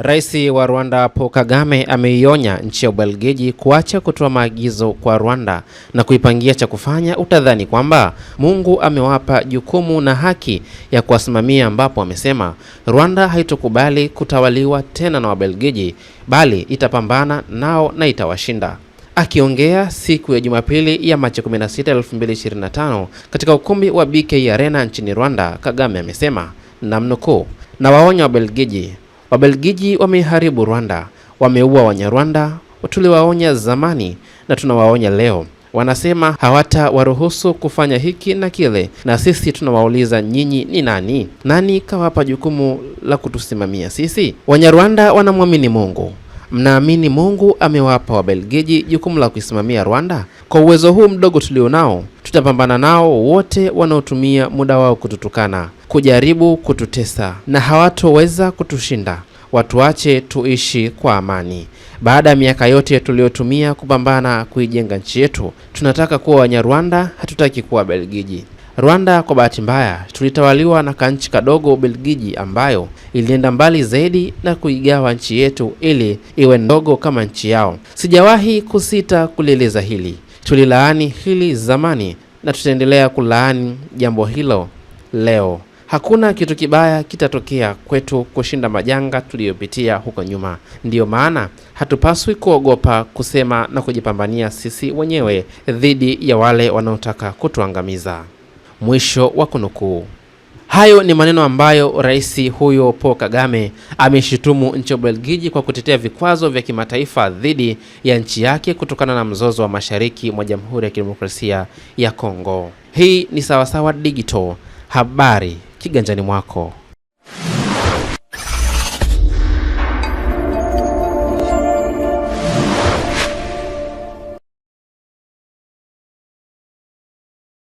Rais wa Rwanda Paul Kagame ameionya nchi ya Ubelgiji kuacha kutoa maagizo kwa Rwanda na kuipangia cha kufanya, utadhani kwamba Mungu amewapa jukumu na haki ya kuwasimamia, ambapo amesema Rwanda haitokubali kutawaliwa tena na Wabelgiji, bali itapambana nao na itawashinda. Akiongea siku ya Jumapili ya Machi 16, 2025 katika ukumbi wa BK Arena nchini Rwanda, Kagame amesema namnukuu, nawaonya Wabelgiji Wabelgiji wameharibu Rwanda, wameua Wanyarwanda, tuliwaonya zamani na tunawaonya leo. Wanasema hawata waruhusu kufanya hiki na kile, na sisi tunawauliza nyinyi ni nani? Nani kawapa jukumu la kutusimamia sisi? Wanyarwanda wanamwamini Mungu. Mnaamini Mungu amewapa Wabelgiji jukumu la kuisimamia Rwanda? Kwa uwezo huu mdogo tulionao tutapambana nao wote wanaotumia muda wao kututukana, kujaribu kututesa, na hawatoweza kutushinda. Watuache tuishi kwa amani. Baada ya miaka yote tuliyotumia kupambana kuijenga nchi yetu, tunataka kuwa Wanyarwanda, hatutaki kuwa Belgiji. Rwanda kwa bahati mbaya tulitawaliwa na kanchi kadogo belgiji ambayo ilienda mbali zaidi na kuigawa nchi yetu ili iwe ndogo kama nchi yao. Sijawahi kusita kulieleza hili. Tulilaani hili zamani na tutaendelea kulaani jambo hilo leo. Hakuna kitu kibaya kitatokea kwetu kushinda majanga tuliyopitia huko nyuma. Ndiyo maana hatupaswi kuogopa kusema na kujipambania sisi wenyewe dhidi ya wale wanaotaka kutuangamiza. Mwisho wa kunukuu. Hayo ni maneno ambayo rais huyo Paul Kagame ameshutumu nchi ya Ubelgiji kwa kutetea vikwazo vya kimataifa dhidi ya nchi yake kutokana na mzozo wa mashariki mwa Jamhuri ya Kidemokrasia ya Kongo. Hii ni Sawasawa Digital, habari kiganjani mwako.